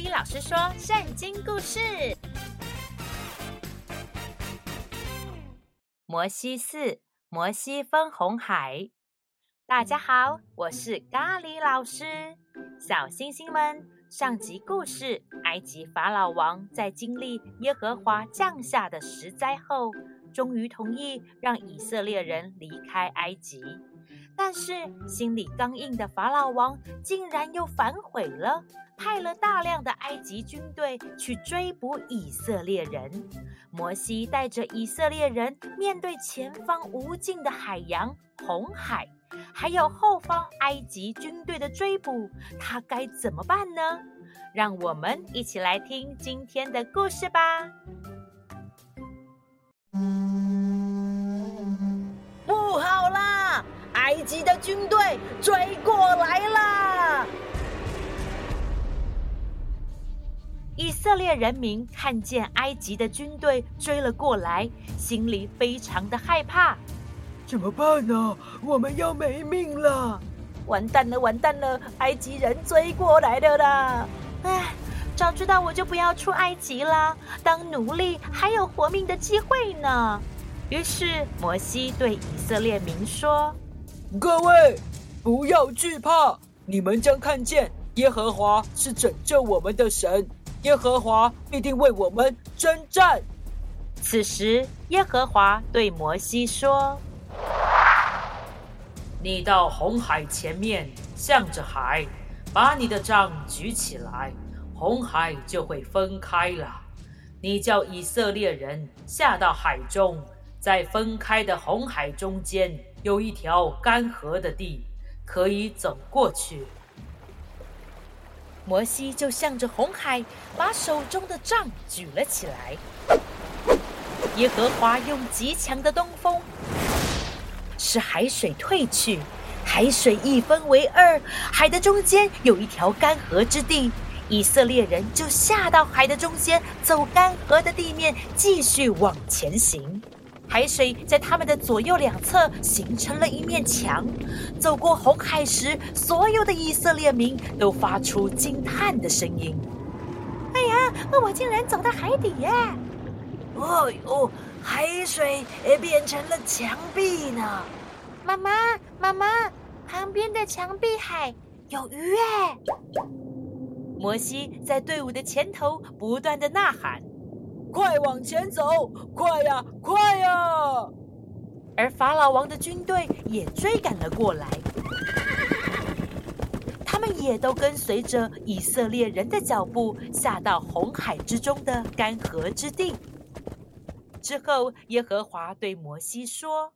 咖喱老師說：“聖經故事，摩西四，摩西分紅海。大家好，我是咖喱老師。小星星們，上集故事：埃及法老王在經歷耶和華降下的十災後，終於同意讓以色列人離開埃及。”但是，心裡剛硬的法老王竟然又反悔了，派了大量的埃及軍隊去追捕以色列人。摩西帶着以色列人，面對前方無盡的海洋，紅海，還有後方埃及軍隊的追捕，他該怎麼辦呢？讓我們一起來聽今天的故事吧。埃及的軍隊追過來了。以色列人民看見埃及的軍隊追了過來，心裡非常的害怕。怎麼辦呢？我們要沒命了！完蛋了，完蛋了！埃及人追過來了啦！唉，早知道我就不要出埃及了，當奴隸還有活命的機會呢。於是摩西對以色列民說：各位，不要懼怕，你們將看見耶和華是拯救我們的神，耶和華必定為我們征戰。此時，耶和華對摩西說：“你到紅海前面，向着海，把你的杖舉起來，紅海就會分開了。你叫以色列人下到海中，在分開的紅海中間。”有一條乾涸的地，可以走過去。摩西就向着紅海，把手中的杖舉了起來。耶和華用極強的東風，使海水退去，海水一分為二，海的中間有一條乾涸之地。以色列人就下到海的中間，走乾涸的地面，繼續往前行。海水在他們的左右兩側形成了一面牆。走過紅海時，所有的以色列民都發出驚嘆的聲音：“哎呀，我竟然走到海底耶、啊！”“哦哦，海水也變成了牆壁呢。”“媽媽，媽媽，旁邊的牆壁還有魚耶！”摩西在隊伍的前頭不斷的吶喊。快往前走，快呀、啊，快呀、啊！而法老王的軍隊也追趕了過來，他們也都跟隨着以色列人的腳步下到紅海之中的乾涸之地。之後，耶和華對摩西說：“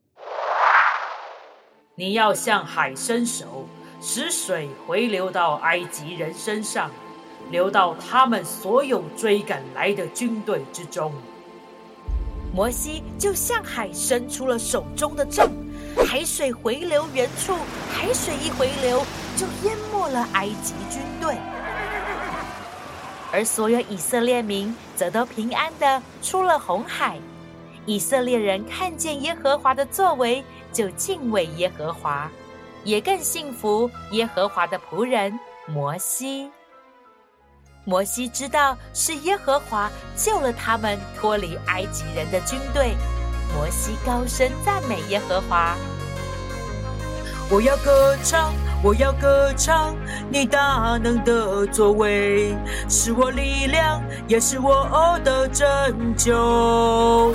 你要向海伸手，使水回流到埃及人身上。”流到他們所有追趕來的軍隊之中。摩西就向海伸出了手中的杖，海水回流原處。海水一回流，就淹沒了埃及軍隊，而所有以色列民則都平安的出了紅海。以色列人看見耶和華的作為，就敬畏耶和華，也更信服耶和華的僕人摩西。摩西知道是耶和華救了他們脫離埃及人的軍隊，摩西高聲讚美耶和華。我要歌唱，我要歌唱，你大能的作為是我力量，也是我的拯救。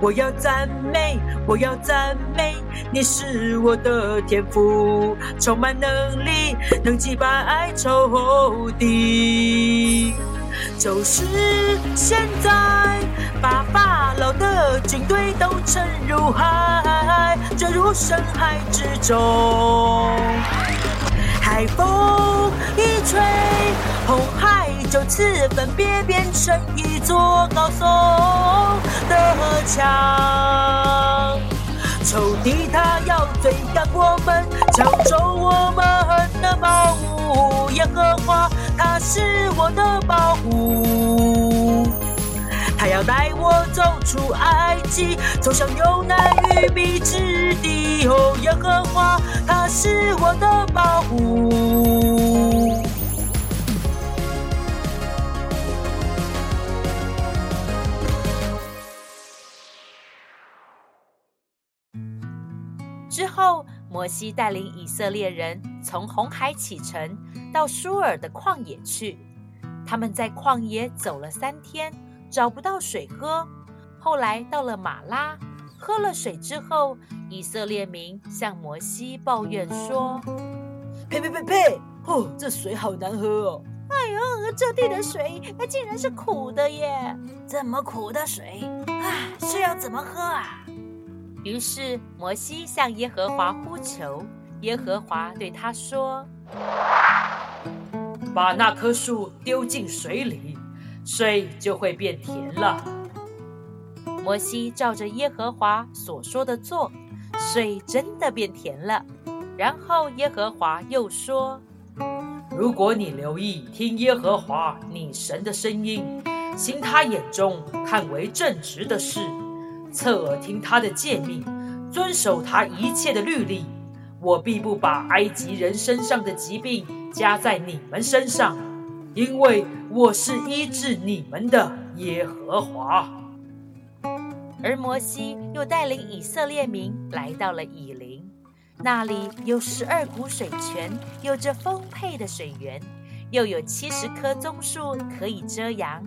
我要讚美，我要讚美，你是我的天賦，充滿能力，能擊敗仇敵。就是現在，把法老的軍隊都沉入海，捲入深海之中。海風一吹，紅海就此分別，變成一座高聳的牆。仇敵他要追趕我們，搶走我們的寶物。耶和華，他是我的保護。要帶我走出埃及，走向流奶與蜜之地。哦，耶和華，他是我的保護。嗯、之後，摩西帶領以色列人從紅海啟程，到舒爾的曠野去。他們在曠野走了三天。找不到水喝，後來到了馬拉，喝了水之後，以色列民向摩西抱怨說：“呸呸呸呸！哦，這水好難喝哦！哎呦，這地的水它竟然是苦的耶！這麼苦的水啊？是要怎麼喝啊？”於是摩西向耶和華呼求，耶和華對他說：“把那棵樹丟進水裡。”水就會變甜了。摩西照着耶和華所說的做，水真的變甜了。然後耶和華又說：“如果你留意聽耶和華你神的聲音，行他眼中看為正直的事，側耳聽他的誡命，遵守他一切的律例，我必不把埃及人身上的疾病加在你們身上。”因為我是醫治你們的耶和華。而摩西又帶領以色列民來到了以琳，那裡有十二股水泉，有着豐沛的水源，又有七十棵棕樹可以遮陽。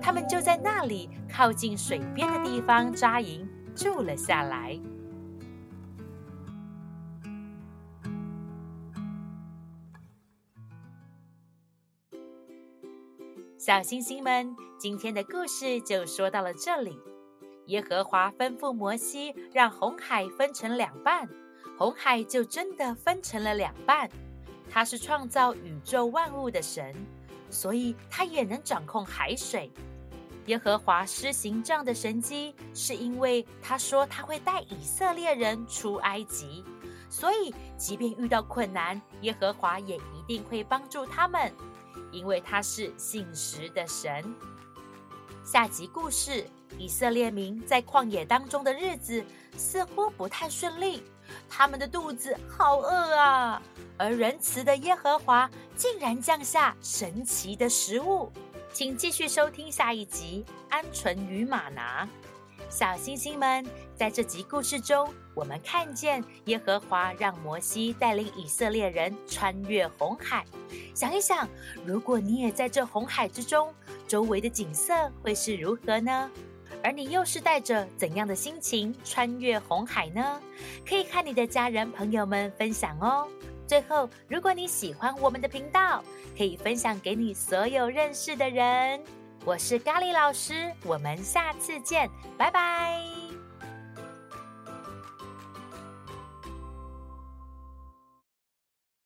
他們就在那裡靠近水邊的地方扎營住了下來。小星星們，今天的故事就說到了這裡。耶和華吩咐摩西讓紅海分成兩半，紅海就真的分成了兩半。他是創造宇宙萬物的神，所以他也能掌控海水。耶和華施行這樣的神蹟，是因為他說他會帶以色列人出埃及，所以即便遇到困難，耶和華也一定會幫助他們。因為他是信實的神。下集故事：以色列民在曠野當中的日子似乎不太順利，他們的肚子好餓啊！而仁慈的耶和華竟然降下神奇的食物，請繼續收聽下一集《鵪鶉與嗎哪》。小星星們，在這集故事中，我們看見耶和華讓摩西帶領以色列人穿越紅海。想一想，如果你也在這紅海之中，周圍的景色會是如何呢？而你又是帶着怎樣的心情穿越紅海呢？可以和你的家人朋友們分享哦。最後，如果你喜歡我們的頻道，可以分享給你所有認識的人。我是咖喱老師，我們下次見，拜拜。